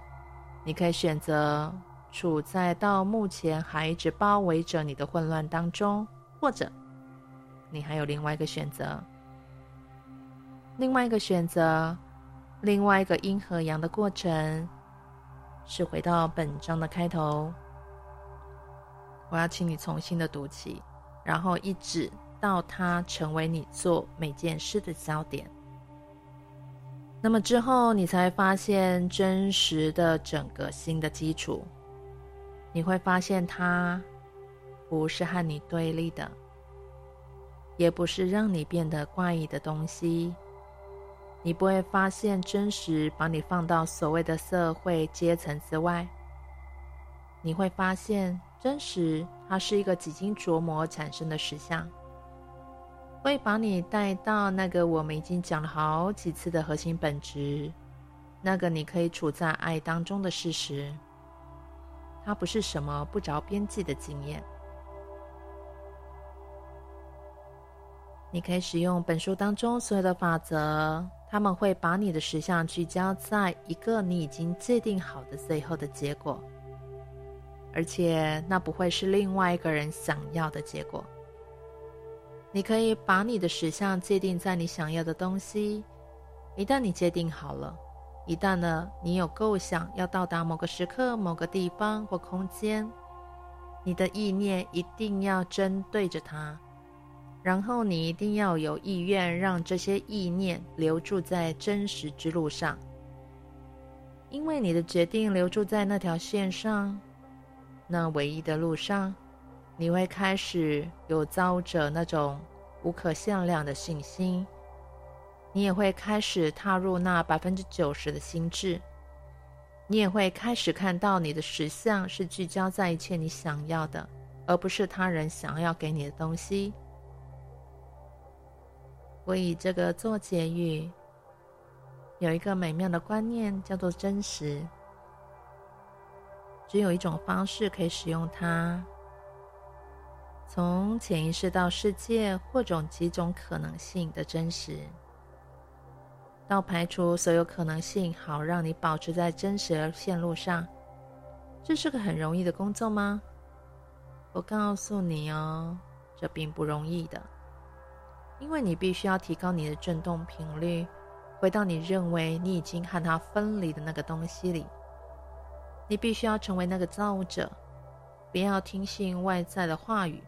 你可以選擇。處在到目前還一直包圍着你的混亂當中，或者你還有另外一個選擇。另外一個選擇，另外一個陰和陽的過程，是回到本章的開頭。我要請你重新的讀起，然後一直到它成為你做每件事的焦點。那麼之後你才發現真實的整個新的基礎。你會發現它不是和你對立的，也不是讓你變得怪異的東西。你不會發現真實把你放到所謂的社會階層之外。你會發現真實，它是一個幾經琢磨產生的實相，會把你帶到那個我們已經講了好幾次的核心本質，那個你可以處在愛當中的事實。它不是什麼不着邊際的經驗。你可以使用本書當中所有的法則，他們會把你的實相聚焦在一個你已經界定好的最後的結果，而且那不會是另外一個人想要的結果。你可以把你的實相界定在你想要的東西，一旦你界定好了。一旦呢，你有構想要到達某個時刻、某個地方或空間，你的意念一定要針對着它，然後你一定要有意願讓這些意念留住在真實之路上，因為你的決定留住在那條線上，那唯一的路上，你會開始有造者那種無可限量的信心。你也會開始踏入那百分之九十的心智。你也會開始看到你的實相是聚焦在一切你想要的，而不是他人想要給你的東西。我以這個做結語，有一個美妙的觀念叫做真實。只有一種方式可以使用它：從潛意識到世界，或者幾種可能性的真實。到排除所有可能性，好讓你保持在真實的線路上。這是個很容易的工作嗎？我告訴你哦，這並不容易的。因為你必須要提高你的振動頻率，回到你認為你已經和它分離的那個東西裡。你必須要成為那個造物者，不要聽信外在的話語。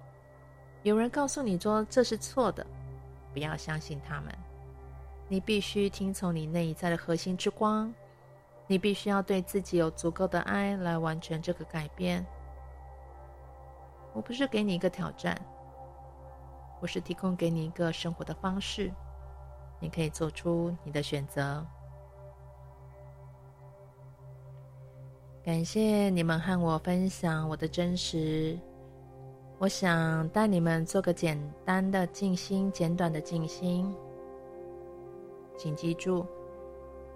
有人告訴你說，這是錯的，不要相信他們。你必須聽從你內在的核心之光，你必須要對自己有足夠的愛來完成這個改變。我不是給你一個挑戰，我是提供給你一個生活的方式，你可以做出你的選擇。感謝你們和我分享我的真實，我想帶你們做個簡單的靜心，簡短的靜心。請記住，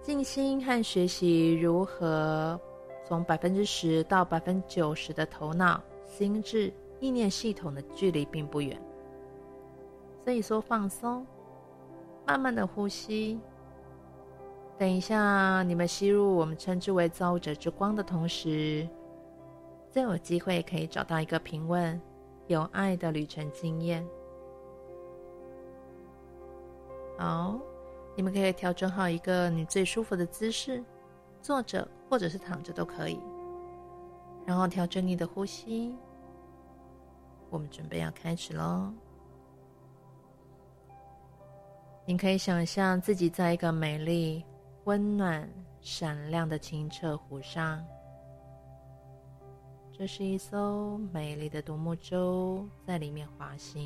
靜心和學習如何從百分之十到百分之九十的頭腦、心智、意念系統的距離並不遠。所以說，放鬆，慢慢的呼吸。等一下，你們吸入我們稱之為造物者之光的同時，再有機會可以找到一個平穩、有愛的旅程經驗。好。你們可以調整好一個你最舒服的姿勢，坐着或者是躺着都可以。然後調整你的呼吸。我們準備要開始嘍。你可以想象自己在一個美麗、溫暖、閃亮的清澈湖上，這是一艘美麗的獨木舟，在裡面滑行。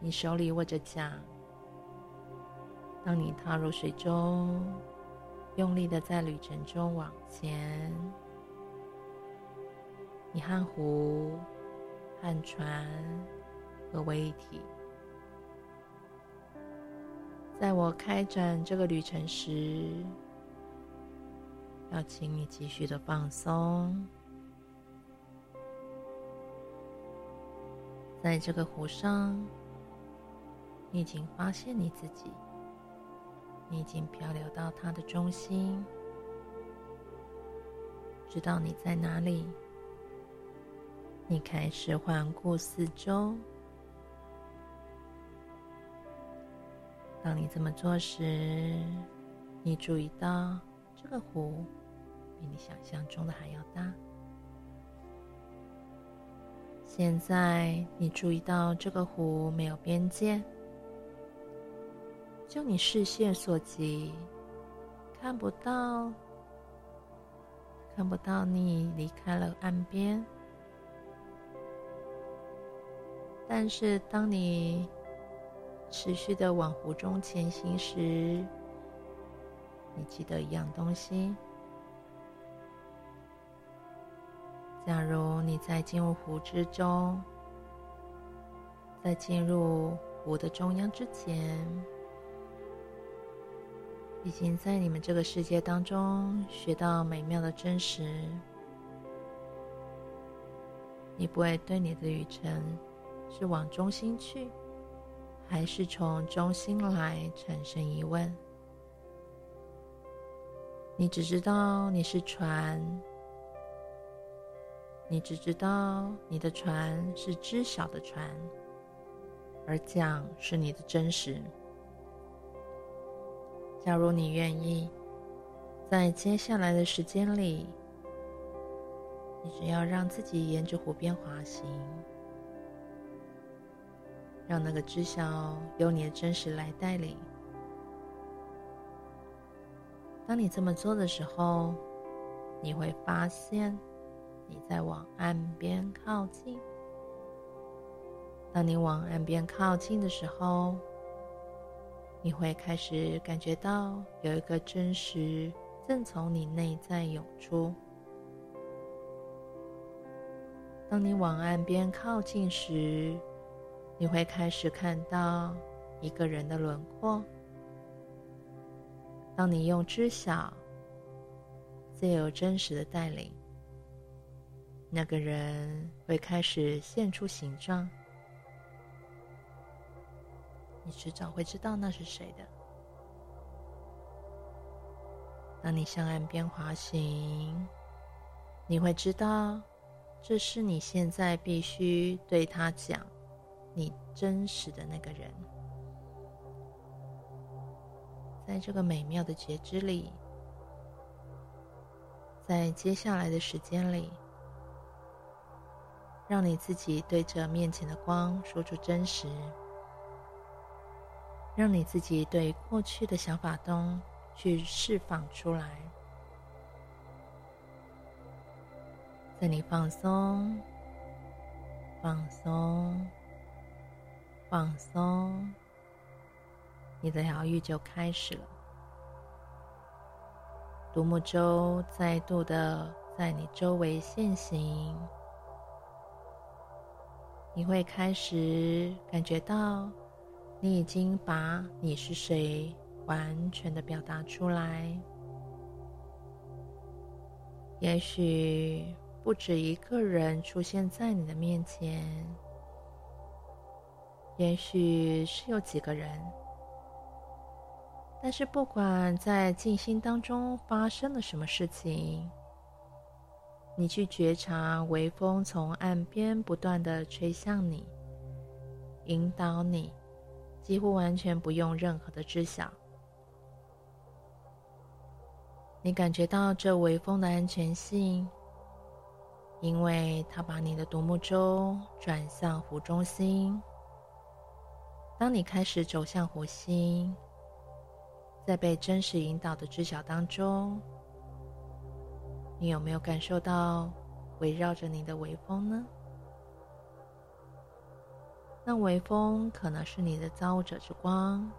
你手裡握着槳，當你踏入水中，用力的在旅程中往前，你和湖、和船合為一體。在我開展這個旅程時，要請你繼續的放鬆，在這個湖上。你已經發現你自己，你已經漂流到它的中心，知道你在哪裡。你開始環顧四周。當你這麼做時，你注意到這個湖比你想象中的還要大。現在你注意到這個湖沒有邊界。就你視線所及，看不到，看不到你離開了岸邊。但是，當你持續的往湖中前行時，你記得一樣東西：假如你在進入湖之中，在進入湖的中央之前。已經在你們這個世界當中學到美妙的真實，你不會對你的旅程是往中心去，還是從中心來產生疑問。你只知道你是船，你只知道你的船是知曉的船，而槳是你的真實。假如你願意，在接下來的時間裡，你只要讓自己沿着湖邊滑行，讓那個知曉由你的真實來帶領。當你這麼做的時候，你會發現你在往岸邊靠近。當你往岸邊靠近的時候。你會開始感覺到有一個真實正從你內在湧出。當你往岸邊靠近時，你會開始看到一個人的輪廓。當你用知曉自由真實的帶領，那個人會開始現出形狀。你遲早會知道那是誰的。當你向岸邊滑行，你會知道，這是你現在必須對他講你真實的那個人。在這個美妙的覺知裡，在接下來的時間裡，讓你自己對着面前的光說出真實。讓你自己對過去的想法中去釋放出來，在你放鬆、放鬆、放鬆，你的療癒就開始了。獨木舟再度的在你周圍現形，你會開始感覺到。你已經把你是誰完全的表達出來。也許不止一個人出現在你的面前，也許是有幾個人。但是不管在靜心當中發生了什麼事情，你去覺察微風從岸邊不斷的吹向你，引導你。幾乎完全不用任何的知曉，你感覺到這微風的安全性，因為它把你的獨木舟轉向湖中心。當你開始走向湖心，在被真實引導的知曉當中，你有沒有感受到圍繞着你的微風呢？那微風可能是你的造物者之光，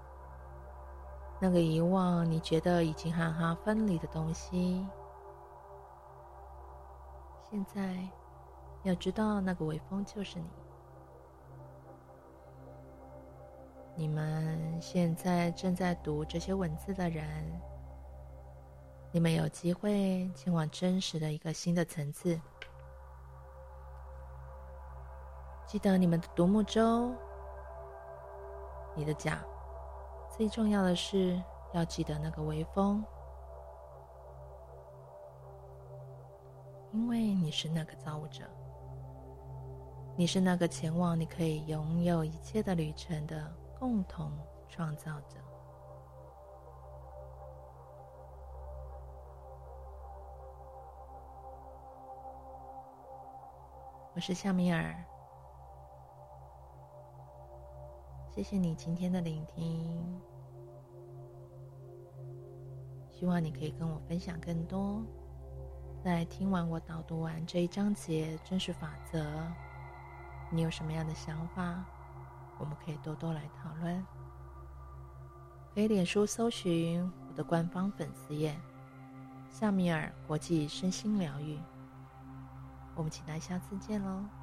那個遺忘你覺得已經和他分離的東西，現在要知道那個微風就是你。你們現在正在讀這些文字的人，你們有機會前往真實的一個新的層次。記得你們的獨木舟，你的槳，最重要的是要記得那個微風，因為你是那個造物者，你是那個前往你可以擁有一切的旅程的共同創造者。我是夏米爾。謝謝你今天的聆聽，希望你可以跟我分享更多。在聽完我導讀完這一章節真實法則，你有什麼樣的想法？我們可以多多來討論。可以臉書搜尋我的官方粉絲頁“夏米爾國際身心療癒”。我們期待下次見嘍！